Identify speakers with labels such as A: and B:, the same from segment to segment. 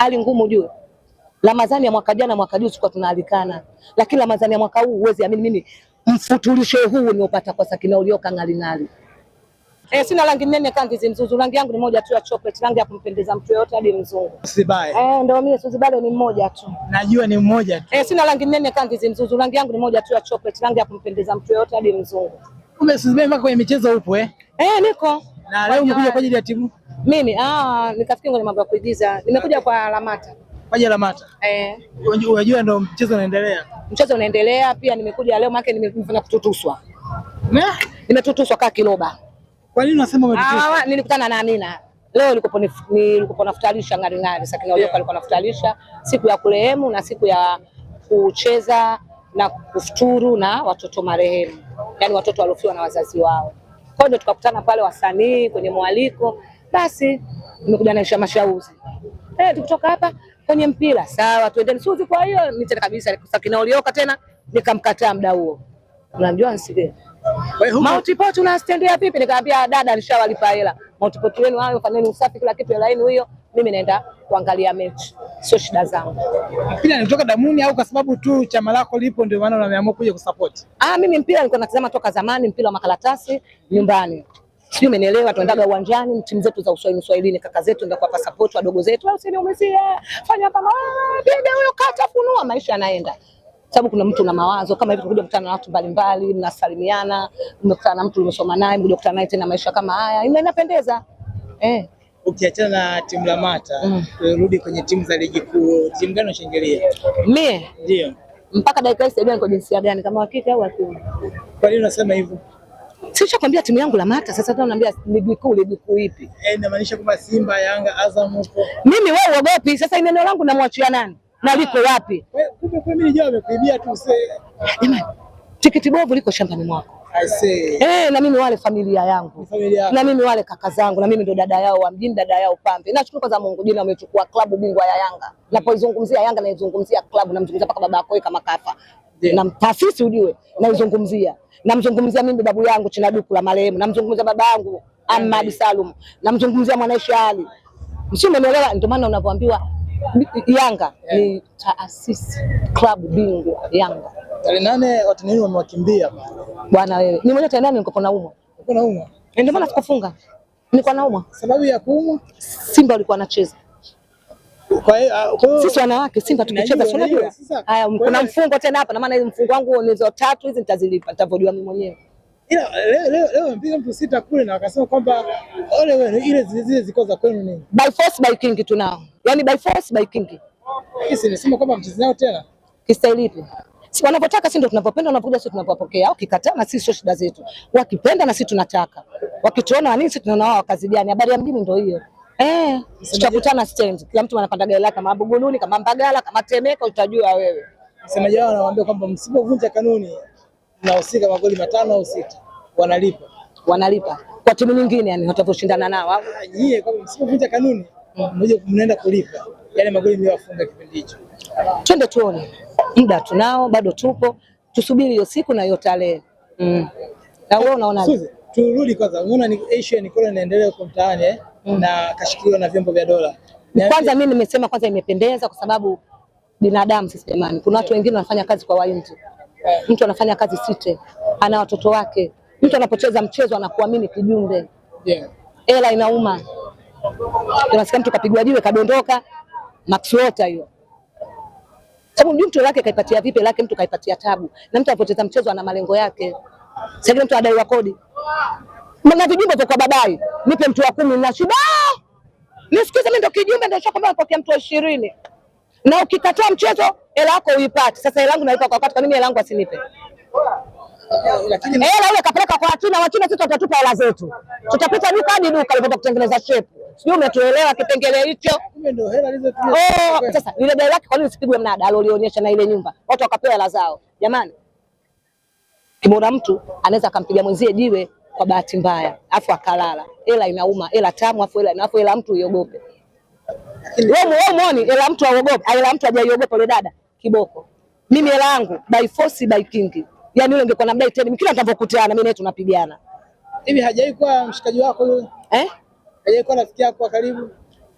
A: hali ngumu juu. Ramadhani ya mwaka jana mwaka juzi tulikuwa tunaalikana, lakini Ramadhani ya mwaka huu uwezi amini, mimi mfutulisho huu niopata kwa Sakina ulioka ngali ngali. Eh, sina rangi nene kangi zimzuzu. Rangi yangu ni moja tu ya chocolate, rangi ya kumpendeza mtu yeyote hadi mzungu. Sibaye. Eh, ndio mimi Sizibale ni mmoja tu.
B: Najua ni mmoja tu.
A: Eh, sina rangi nene kangi zimzuzu. Rangi yangu ni moja tu ya chocolate, rangi ya kumpendeza mtu yeyote hadi mzungu.
B: Kumbe Sizibale mpaka kwenye michezo upo eh?
A: Eh, niko.
B: Na leo umekuja kwa ajili ya timu
A: mimi ah, nikafikiri kwenye mambo ya kuigiza. Nimekuja kwa Lamata. Kaja Lamata. Eh.
B: Unajua ndio mchezo unaendelea.
A: Mchezo unaendelea pia nimekuja leo maana nimefanya kututuswa. Ne? Nimetutuswa kaka kiloba.
B: Kwa nini unasema umetutuswa?
A: Ah, nilikutana na Amina. Leo nilikuwa nilikuwa nafutalisha ngari ngari, sasa Sakina yeah. alikuwa nafutalisha siku ya kurehemu na siku ya kucheza na kufuturu na watoto marehemu, yaani watoto waliofiwa na wazazi wao. Kwa hiyo ndio tukakutana pale wasanii kwenye mwaliko basi nimekuja na mashauri eh, tukitoka hapa kwenye mpira sawa, tuendeni Suzi. Kwa hiyo ni tena kabisa sakinaolioka tena, nikamkataa muda huo, unamjua nsige Mauti Port unastendea vipi? Nikamwambia dada, alishawalipa hela Mauti wenu hayo, fanyeni usafi kila kitu, hela yenu hiyo, mimi naenda kuangalia mechi, sio shida zangu.
B: Mpira nitoka damuni au kwa sababu tu chama lako lipo ndio maana unaamua kuja kusupport?
A: Ah, mimi mpira nilikuwa natazama toka zamani, mpira wa makaratasi nyumbani sio, umenielewa. Tuendaga uwanjani timu zetu za uswahili uswahilini, kaka zetu ndio kuwapa support wadogo zetu, au ah, sio? Umesia fanya kama ah, bibi huyo, kata funua, maisha yanaenda sababu kuna mtu na mawazo kama hivi, tunakuja kukutana na watu mbalimbali, mnasalimiana, mmekutana na mtu umesoma naye, mkuja kukutana naye tena maisha kama haya, inapendeza eh.
B: Ukiachana na timu la Mata mm, rudi kwenye timu za ligi kuu, timu gani unashangilia? Mie ndio
A: mpaka dakika hii sasa, niko jinsia gani, kama hakika au hakika?
B: Kwa nini unasema hivyo?
A: kwambia timu yangu Lamata, sasa tena naambia ligi kuu, ligi kuu ipi?
B: Eh, inamaanisha kwamba Simba, Yanga, Azam huko.
A: Mimi wewe uogopi? Sasa ile neno langu namwachia nani? Na liko ah, wapi?
B: Kumbe kwa mimi nijao amekuibia tu sasa. Jamani,
A: tikiti bovu liko shambani mwako. Eh, na mimi wale familia yangu, familia. Na mimi wale kaka zangu, na mimi ndo dada yao wa mjini, dada yao Pambe. Nashukuru kwa Mungu jina amechukua klabu bingwa ya Yanga. Napoizungumzia Yanga naizungumzia klabu, namzungumzia mpaka baba yako kama kafa. Na mtafisi ujue, naizungumzia. Namzungumzia mimi babu yangu China Duku la marehemu, namzungumzia baba yangu Ahmad Salum, namzungumzia Mwanaisha Ali. Msio umeelewa, ndio maana unavyoambiwa Yanga ni taasisi klabu bingwa Yanga.
B: Tarehe nane watu nini wamewakimbia
A: bwana. Wewe ni mwenye tarehe nane nilikuwa naumwa, nilikuwa naumwa, eh, ndio maana tukafunga. Nilikuwa naumwa,
B: sababu ya kuumwa
A: Simba walikuwa wanacheza. Kwa hiyo ah, sisi wanawake Simba tukicheza, si unajua haya, kuna mfungo tena hapa na maana, hizo mfungo wangu nizo tatu hizi nitazilipa nitavojua mimi mwenyewe.
B: Ila leo leo leo mpiga mtu sita kule na wakasema kwamba ole wewe, ile zile zile ziko za kwenu nini?
A: By force by king tunao, Yaani by force by king.
B: Sisi nisema kwamba mchezaji nao tena
A: kistailipi Si wanavyotaka si ndio tunavyopenda, wanapokuja sio tunavyopokea. Au kikataa na sisi sio shida zetu. Wakipenda na sisi tunataka. Wakituona nini sisi tunaona wao kazi gani? Habari ya mjini ndio hiyo. Eh, tutakutana stendi. Kila mtu anapanda gari lake kama Buguruni, kama Mbagala, kama Temeka utajua wewe.
B: Msemaji wao anawaambia kwamba msipovunja kanuni mnahusika magoli matano au sita. Wanalipa.
A: Wanalipa. Kwa timu nyingine yani watavyoshindana nao. au ah,
B: Yeye kama msipovunja kanuni mmoja mnaenda kulipa. Yale magoli mliyowafunga kipindi hicho.
A: Twende tuone muda tunao, bado tupo, tusubiri hiyo siku na hiyo tarehe mm. Na wewe unaonaje?
B: Turudi kwanza, unaona ni Asia ni kule inaendelea kwa mtaani eh? mm. na kashikiliwa na vyombo vya dola.
A: Kwanza mimi nimesema kwanza imependeza kwa sababu binadamu sisi jamani, kuna watu wengine wanafanya kazi kwa waindi yeah. Mtu anafanya kazi site, ana watoto wake. Mtu anapocheza mchezo anakuamini kijumbe yeah. Ela inauma, unasikia mtu kapigwa jiwe kadondoka, max water hiyo sababu mjui mtu lake kaipatia vipi, lake mtu kaipatia tabu, na mtu apoteza mchezo ana malengo yake. Sasa mtu adaiwa kodi na vijumbe vya kwa babai, nipe mtu wa kumi na shida nisikize mimi, ndo kijumbe ndo shaka kwamba napokea mtu wa ishirini na ukikataa mchezo hela yako uipate. Sasa hela yangu naipa kwa wakati, kwa nini hela yangu asinipe? Lakini hela ile kapeleka kwa Wachina, Wachina sisi tutatupa hela zetu, tutapita ni kadi duka lipo kutengeneza shepu sijui umetuelewa kipengele hicho. Oh, sasa lile dai lake kwa nini sipigwe mnada alolionyesha na ile nyumba, watu wakapewa hela zao. Jamani, kimona mtu anaweza akampiga mwenzie jiwe kwa bahati mbaya afu akalala. Hela inauma, hela tamu, afu hela inafu, hela mtu uiogope wewe, wewe, muone hela mtu aogope, hela mtu hajaiogopa ile dada kiboko. Mimi hela yangu by force by king, yani yule na mdai tena, kila tunavyokutana mimi naye tunapigana
B: hivi. Hajaikuwa mshikaji wako yule eh? Hajaikuwa rafiki yako wa karibu?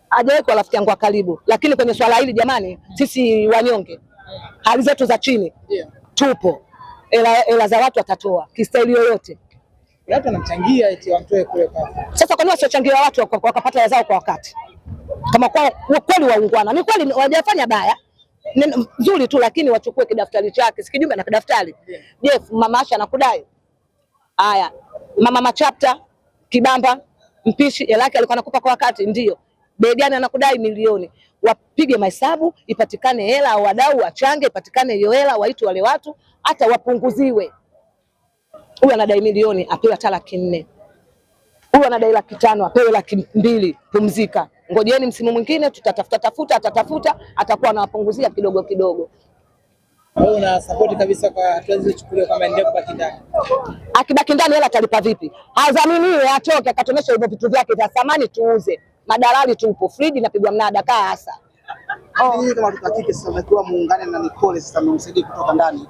A: Hajaikuwa rafiki yangu wa karibu, lakini kwenye swala hili jamani, sisi wanyonge, hali zetu za chini yeah. Tupo hela za watu watatoa kistahili yoyote
B: watu wanachangia eti watoe kule kafu.
A: Sasa kwa nini wasiochangia watu wakapata hela zao kwa wakati? Kama kwa kweli waungwana, ni kweli wajafanya baya nzuri tu, lakini wachukue kidaftari chake, sikijumbe na kidaftari Jeff. yeah. Mama Asha nakudai haya, mama Machapta Kibamba mpishi hela yake alikuwa anakupa kwa wakati, ndio bei gani anakudai milioni, wapige mahesabu, ipatikane hela, wadau wachange, ipatikane hiyo hela, waitu wale watu, hata wapunguziwe. Huyu anadai milioni, apewe hata laki nne. Huyu anadai laki tano, apewe laki mbili. Pumzika, ngojeni msimu mwingine, tutatafuta tafuta, atatafuta, atakuwa anawapunguzia kidogo kidogo
B: au na support kabisa kwa hatua zilizochukuliwa kama endelee kubaki ndani?
A: Akibaki ndani hela atalipa vipi? Adhaminiwe atoke akatonesha hivyo vitu vyake vya thamani, tuuze madalali tupo fridi napigwa mnada kaa hasa
B: oh. Ni Kama watoto sasa mkiwa muungane na Nicole sasa mmsaidie kutoka ndani.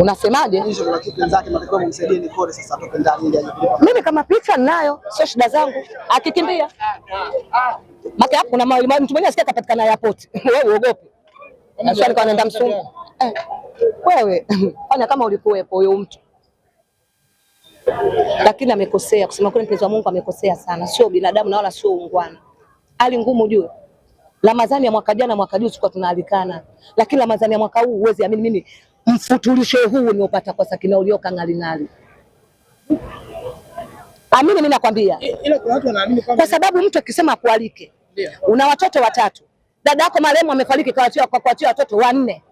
A: Unasemaje?
B: wenzake mmsaidie Nicole sasa ndani
A: Mimi kama picha ninayo, sio shida zangu. Akikimbia maka hapo kuna mtu mwenye asikia kapatikana airport, wewe uogope? Sasa nilikuwa naenda Msumbiji eh, wewe fanya kama ulikuwepo huyo mtu, lakini amekosea. Kusema kweli, mpenzi wa Mungu amekosea sana, sio binadamu na wala sio ungwana. Hali ngumu juu Ramadhani ya mwaka jana, mwaka juzi tulikuwa tunaalikana, lakini Ramadhani ya mwaka huu huwezi amini, mimi mfutulisho huu niopata kwa Sakina ulioka ngali ngalingali Amini, mimi nakwambia, kwa sababu mtu akisema kualike, una watoto watatu, dada yako marehemu amefariki kwa kuachia watoto wanne.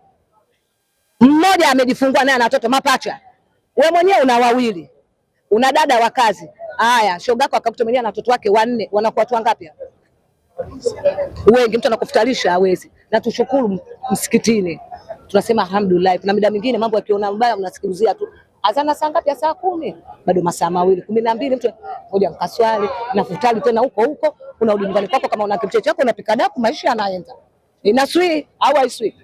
A: Mmoja amejifungua naye ana watoto mapacha. We mwenyewe una wawili, una dada wa kazi. Haya, shoga yako akakuta mwenyewe ana watoto wake wanne, wanakuwa watu wangapi? Wengi. Mtu anakufutalisha hawezi. Na tushukuru msikitini, tunasema alhamdulillah. Kuna mida mingine mambo yakiona mbaya, mnasikilizia tu azana saa ngapi? Saa kumi, bado masaa mawili, kumi na mbili. Mtu ngoja mkaswali na futali tena huko huko, unarudi nyumbani kwako, kama una kimchecho chako unapika daku, maisha yanaenda. Inaswi au haiswi?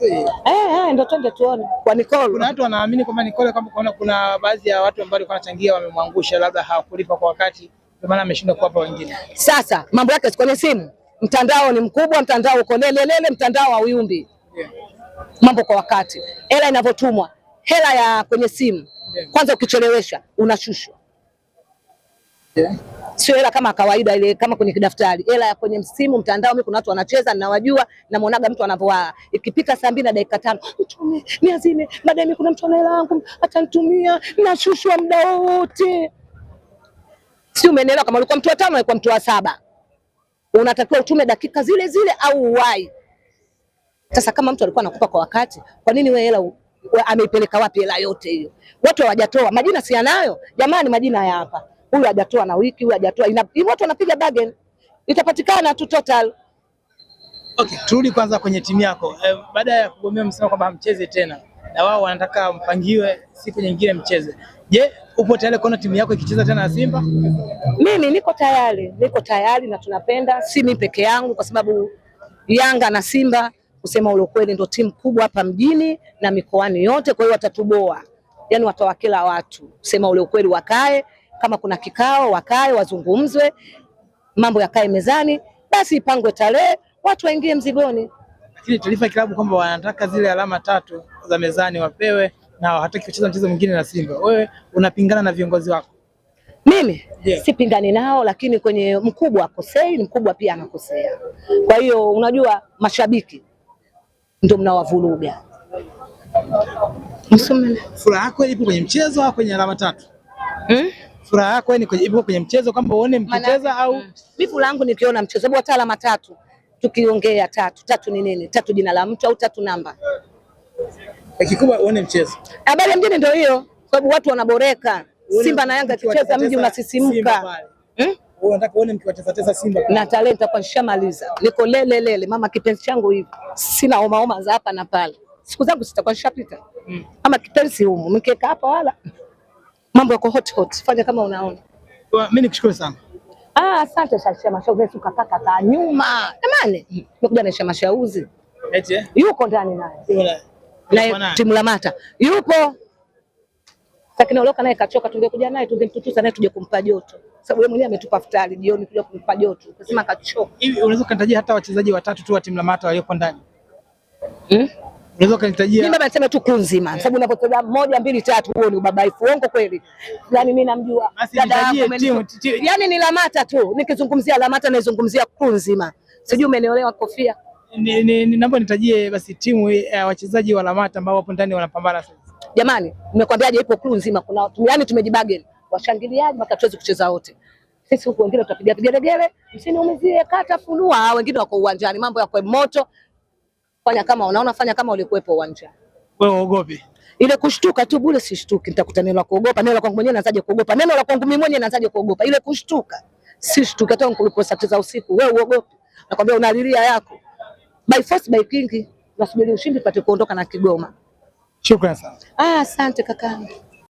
A: Eh, eh, ndio twende tuone kwa Nicole.
B: Kuna watu wanaamini kwamba Nicole kama kuna, kuna baadhi ya watu ambao walikuwa wanachangia wamemwangusha, labda hawakulipa kwa wakati, ndio maana ameshindwa kuwapa wengine.
A: Sasa mambo yake kwenye simu, mtandao ni mkubwa, mtandao uko lelelele, mtandao hauyumbi yeah. Mambo kwa wakati, hela inavyotumwa, hela ya kwenye simu yeah. Kwanza ukichelewesha unashushwa yeah sio hela kama kawaida ile kama kwenye kidaftari, hela ya kwenye msimu mtandao. Mimi kuna watu wanacheza ninawajua, na muonaga mtu anavoa ikipita saa mbili na dakika tano mtume niazime, baadaye kuna mtu ana hela yangu atanitumia, nashushwa muda wote, si umeelewa? Kama ulikuwa mtu wa tano, alikuwa mtu wa saba, unatakiwa utume dakika zile zile au uwai. Sasa kama mtu alikuwa anakupa kwa wakati, kwa nini wewe hela ameipeleka wapi? Hela yote hiyo watu hawajatoa majina, si anayo jamani, majina ya hapa huyu hajatoa na wiki, huyu hajatoa. Watu wanapiga bargain, itapatikana tu total.
B: Okay, turudi kwanza kwenye timu yako eh, baada ya kugomea msema kwamba hamcheze tena na wao wanataka mpangiwe siku nyingine mcheze. Je, upo tayari kuona timu yako ikicheza tena na Simba?
A: Mimi niko tayari, niko tayari na tunapenda, si mimi peke yangu, kwa sababu Yanga na Simba kusema ule kweli ndio timu kubwa hapa mjini na mikoani yote, kwa hiyo watatuboa, yani watawakila watu kusema ule kweli, wakae kama kuna kikao, wakae wazungumzwe, mambo yakae mezani, basi ipangwe tarehe, watu waingie mzigoni.
B: Lakini taarifa kilabu kwamba wanataka zile alama tatu za mezani wapewe na hawataki kucheza mchezo mwingine na Simba. Wewe unapingana na viongozi wako?
A: Mimi yeah, sipingani nao, lakini kwenye mkubwa akosei, mkubwa pia anakosea. Kwa hiyo unajua, mashabiki ndio mnawavuruga.
B: Furaha yako ipo kwenye mchezo au kwenye alama tatu? Hmm? furaha yako yani ipo kwenye mchezo kwamba uone mkicheza au mm.
A: Mimi furaha yangu nikiona mchezo, sababu hata alama tatu tukiongea tatu tatu ni nini? Tatu jina la mtu au tatu namba,
B: eh, kikubwa uone mchezo.
A: Habari ya mjini ndio hiyo, sababu watu wanaboreka. Simba na Yanga kicheza mji unasisimka hmm? na talenta kwa nishamaliza, niko lele lele mama, kipenzi changu hivi, sina homa homa za hapa na pale, siku zangu zitakuwa nishapita. mm. Ama kipenzi humu mkeka hapa wala mambo yako hot hot, fanya kama unaona.
B: Mimi nikushukuru sana.
A: Ah, asante Shasha Mashauzi, ukapaka ka nyuma jamani, mm, nimekuja na Shasha Mashauzi eti yuko ndani naye na timu la Mata yupo, lakini Oloka naye kachoka. Tungekuja naye tungemtutusa naye tuje kumpa joto, sababu yeye mwenyewe ametupa futari jioni kuja kumpa joto, kasema kachoka
B: hivi. Unaweza kunitajia hata wachezaji watatu tu wa timu la Mata waliopo ndani mm? Unaweza kanitajia?
A: Mimi baba nasema tu kunzima yeah. Sababu unapotoa moja mbili tatu huo ni ubabaifu. Uongo kweli. Yaani mimi namjua. Yaani ni Lamata tu. Nikizungumzia Lamata naizungumzia kunzima. Sijui umeelewa kofia.
B: Ni, ni, ni naomba nitajie basi timu ya uh, eh, wachezaji wa Lamata ambao wapo ndani wanapambana sasa.
A: Jamani, nimekwambiaje ipo crew nzima kuna watu. Yaani tumejibagel. Washangiliaji mpaka tuweze kucheza wote. Sisi huku wengine tutapiga pigelegele, degele, msiniumizie kata funua, wengine wako uwanjani, mambo yako moto fanya kama unaona, fanya kama ulikuwepo uwanja.
B: Wewe uogopi
A: ile kushtuka tu bure? Sishtuki, nitakuta neno la kuogopa? Neno la kwangu mwenyewe naanzaje kuogopa? Neno la kwangu mimi mwenyewe naanzaje kuogopa? Ile kushtuka sishtuki, hata nikulipo saa tisa usiku. Wewe uogopi? Nakwambia unalilia yako by force by king. Nasubiri ushindi pate kuondoka na Kigoma. Shukrani sana. Ah, asante kakangu.